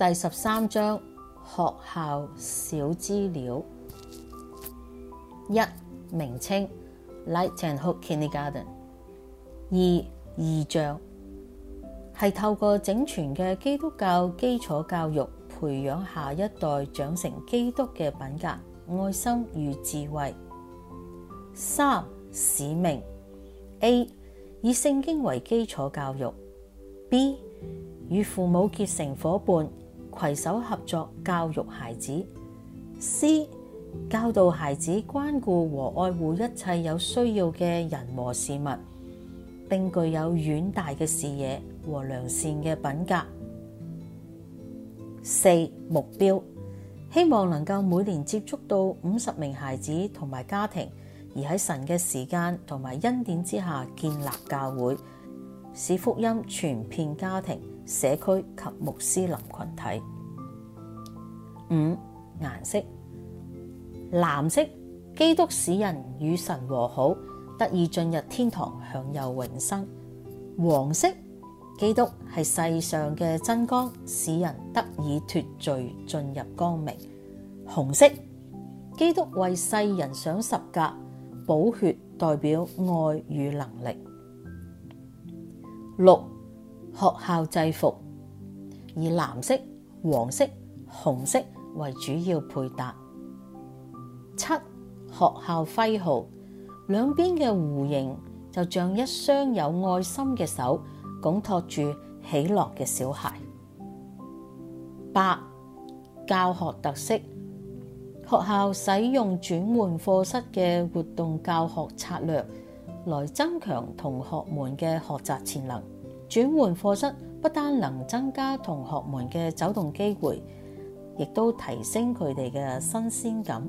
第十三章，學校小資料，一、名稱 Light and Hope Kindergarten。二、異象，係透過整全嘅基督教基礎教育，培養下一代長成基督嘅品格、愛心與智慧。三、使命 A 以聖經為基礎教育；B 與父母結成夥伴。攜手合作教育孩子；三、教導孩子關顧和愛護一切有需要嘅人和事物，並具有遠大嘅視野和良善嘅品格。四、目標，希望能夠每年接觸到五十名孩子同埋家庭，而喺神嘅時間同埋恩典之下建立教會，使福音傳遍家庭。社區及穆斯林群體。五、顏色，藍色基督使人與神和好，得以進入天堂享有永生。黃色基督係世上嘅真光，使人得以脫罪進入光明。紅色基督為世人上十架，寶血代表愛與能力。六學校制服以藍色、黃色、紅色為主要配搭。七、學校徽號兩邊嘅弧形，就像一雙有愛心嘅手，拱托住喜樂嘅小孩。八、教學特色，學校使用轉換課室嘅活動教學策略，來增強同學們嘅學習潛能。轉換課室不單能增加同學們嘅走動機會，亦都提升佢哋嘅新鮮感。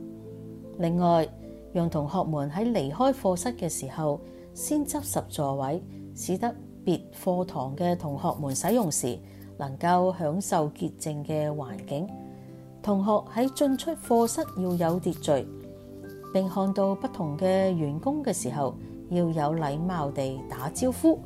另外，讓同學們喺離開課室嘅時候先執拾座位，使得別課堂嘅同學們使用時能夠享受潔淨嘅環境。同學喺進出課室要有秩序，並看到不同嘅員工嘅時候要有禮貌地打招呼。